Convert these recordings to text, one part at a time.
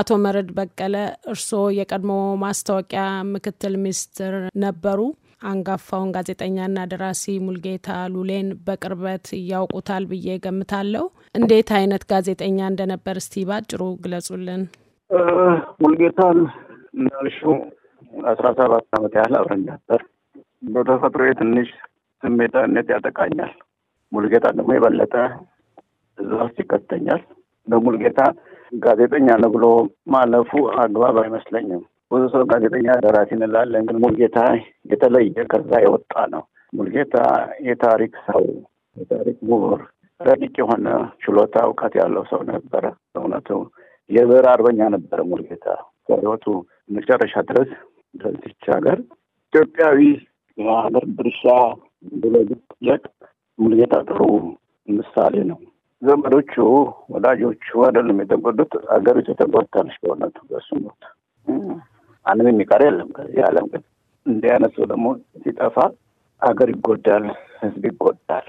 አቶ መረድ በቀለ እርስዎ የቀድሞ ማስታወቂያ ምክትል ሚኒስትር ነበሩ። አንጋፋውን ጋዜጠኛና ደራሲ ሙልጌታ ሉሌን በቅርበት እያውቁታል ብዬ ገምታለሁ። እንዴት አይነት ጋዜጠኛ እንደነበር እስቲ ባጭሩ ግለጹልን። ሙልጌታን እንዳልሽው አስራ ሰባት ዓመት ያህል አብረን ነበር። በተፈጥሮ ትንሽ ስሜታነት ያጠቃኛል። ሙልጌታ ደግሞ የበለጠ እዛ ውስጥ ይከተኛል። በሙልጌታ ጋዜጠኛ ነው ብሎ ማለፉ አግባብ አይመስለኝም። ብዙ ሰው ጋዜጠኛ ደራሲ እንላለን፣ ግን ሙልጌታ የተለየ ከዛ የወጣ ነው። ሙልጌታ የታሪክ ሰው፣ የታሪክ ምሁር፣ ረቂቅ የሆነ ችሎታ እውቀት ያለው ሰው ነበረ። እውነቱ የብር አርበኛ ነበረ ሙልጌታ ከህይወቱ መጨረሻ ድረስ ለዚች ሀገር ኢትዮጵያዊ የሀገር ድርሻ ብሎ ሙልጌታ ጥሩ ምሳሌ ነው። ዘመዶቹ ወዳጆቹ አይደለም የተጎዱት፣ አገሪቱ ተጎድታለች በእውነቱ በሱ ሞት አንም የሚቀር የለም ከዚህ ዓለም። ግን እንዲህ አይነት ሰው ደግሞ ሲጠፋ አገር ይጎዳል፣ ህዝብ ይጎዳል።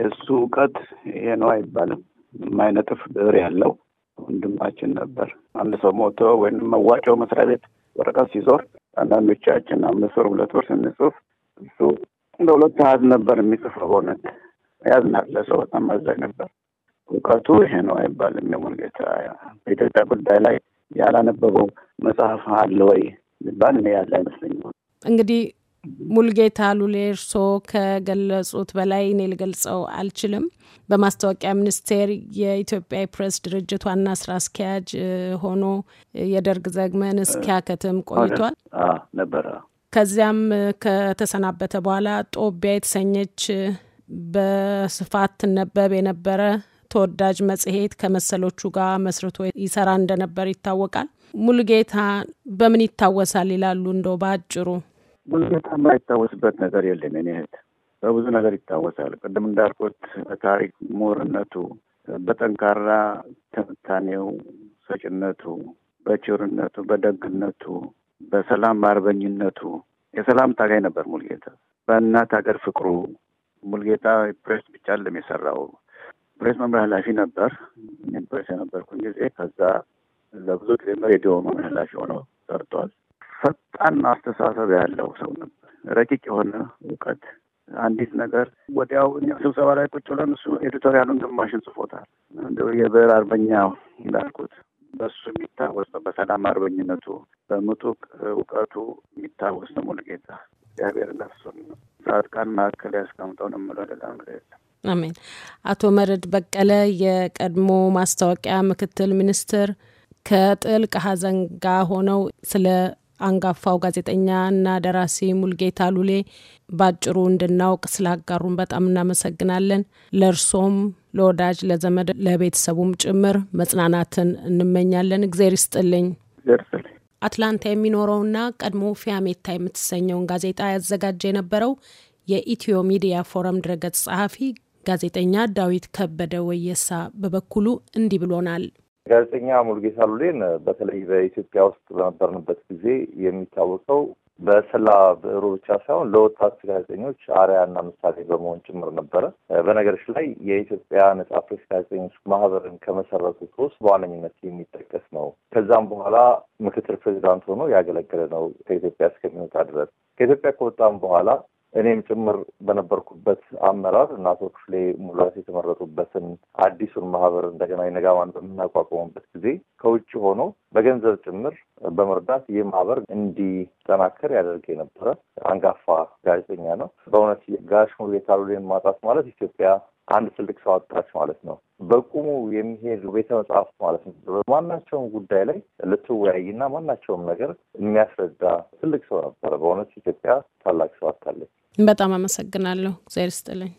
የእሱ እውቀት ይሄ ነው አይባልም። የማይነጥፍ ብዕር ያለው ወንድማችን ነበር። አንድ ሰው ሞቶ ወይም መዋጫው መስሪያ ቤት ወረቀት ሲዞር አንዳንዶቻችን አምስት ወር ሁለት ወር ስንጽፍ እሱ እንደ ሁለት ሰዓት ነበር የሚጽፈው። በእውነት ያዝናል። ለሰው በጣም አዛኝ ነበር። እውቀቱ ይሄ ነው አይባልም። የሙልጌታ በኢትዮጵያ ጉዳይ ላይ ያላነበበው መጽሐፍ አለ ወይ ይባል እኔ ያለ አይመስለኝም። እንግዲህ ሙልጌታ ሉሌ እርሶ ከገለጹት በላይ እኔ ልገልጸው አልችልም። በማስታወቂያ ሚኒስቴር የኢትዮጵያ ፕሬስ ድርጅት ዋና ስራ አስኪያጅ ሆኖ የደርግ ዘግመን እስኪያከትም ቆይቷል ነበረ። ከዚያም ከተሰናበተ በኋላ ጦቢያ የተሰኘች በስፋት ትነበብ የነበረ ተወዳጅ መጽሔት ከመሰሎቹ ጋር መስርቶ ይሰራ እንደነበር ይታወቃል። ሙሉጌታ በምን ይታወሳል ይላሉ? እንደው በአጭሩ ሙሉጌታ የማይታወስበት ነገር የለም። እኔ እህት በብዙ ነገር ይታወሳል። ቅድም እንዳልኩት በታሪክ ምሁርነቱ፣ በጠንካራ ትንታኔው ሰጭነቱ፣ በችርነቱ፣ በደግነቱ፣ በሰላም አርበኝነቱ የሰላም ታጋይ ነበር ሙልጌታ። በእናት ሀገር ፍቅሩ ሙልጌታ ፕሬስ ብቻ ለም የሰራው ፕሬስ መምሪያ ኃላፊ ነበር። ፕሬስ የነበርኩኝ ጊዜ ከዛ ለብዙ ጊዜ ሬዲዮ መምሪያ ኃላፊ ሆነው ሰርቷል። ፈጣን አስተሳሰብ ያለው ሰው ነበር። ረቂቅ የሆነ እውቀት አንዲት ነገር ወዲያው ስብሰባ ላይ ቁጭ ብለን እሱ ኤዲቶሪያሉን ግማሽን ጽፎታል። እንደው የብዕር አርበኛ እንዳልኩት በሱ የሚታወስ ነው። በሰላም አርበኝነቱ፣ በምጡቅ እውቀቱ የሚታወስ ነው ሙሉጌታ እግዚአብሔር ለፍሱን ነው። ጻድቃን መካከል ያስቀምጠው ነው የምለው። ሌላ ምለ የለም። አሜን። አቶ መረድ በቀለ የቀድሞ ማስታወቂያ ምክትል ሚኒስትር ከጥልቅ ሐዘን ጋር ሆነው ስለ አንጋፋው ጋዜጠኛ እና ደራሲ ሙልጌታ ሉሌ ባጭሩ እንድናውቅ ስላጋሩን በጣም እናመሰግናለን። ለእርሶም፣ ለወዳጅ ለዘመድ፣ ለቤተሰቡም ጭምር መጽናናትን እንመኛለን። እግዜር ይስጥልኝ። አትላንታ የሚኖረውና ቀድሞ ፊያሜታ የምትሰኘውን ጋዜጣ ያዘጋጀ የነበረው የኢትዮ ሚዲያ ፎረም ድረገጽ ጸሐፊ ጋዜጠኛ ዳዊት ከበደ ወየሳ በበኩሉ እንዲህ ብሎናል። ጋዜጠኛ ሙልጌታ ሉሌን በተለይ በኢትዮጵያ ውስጥ በነበርንበት ጊዜ የሚታወቀው በስላ ብዕሩ ብቻ ሳይሆን ለወጣት ጋዜጠኞች አርአያና ምሳሌ በመሆን ጭምር ነበረ። በነገሮች ላይ የኢትዮጵያ ነጻ ፕሬስ ጋዜጠኞች ማህበርን ከመሰረቱት ውስጥ በዋነኝነት የሚጠቀስ ነው። ከዛም በኋላ ምክትል ፕሬዚዳንት ሆኖ ያገለገለ ነው ከኢትዮጵያ እስከሚወጣ ድረስ። ከኢትዮጵያ ከወጣም በኋላ እኔም ጭምር በነበርኩበት አመራር እና አቶ ክፍሌ ሙላት የተመረጡበትን አዲሱን ማህበር እንደገና የነጋማን በምናቋቋሙበት ጊዜ ከውጭ ሆኖ በገንዘብ ጭምር በመርዳት ይህ ማህበር እንዲጠናከር ያደርግ የነበረ አንጋፋ ጋዜጠኛ ነው። በእውነት ጋሽ ሙሉ የካሉሌን ማጣት ማለት ኢትዮጵያ አንድ ትልቅ ሰው አጣች ማለት ነው። በቁሙ የሚሄድ ቤተ መጽሐፍት ማለት ነው። በማናቸውም ጉዳይ ላይ ልትወያይ ና ማናቸውም ነገር የሚያስረዳ ትልቅ ሰው ነበረ። በእውነት ኢትዮጵያ ታላቅ ሰው አታለች። በጣም አመሰግናለሁ። እግዚአብሔር ይስጥልኝ።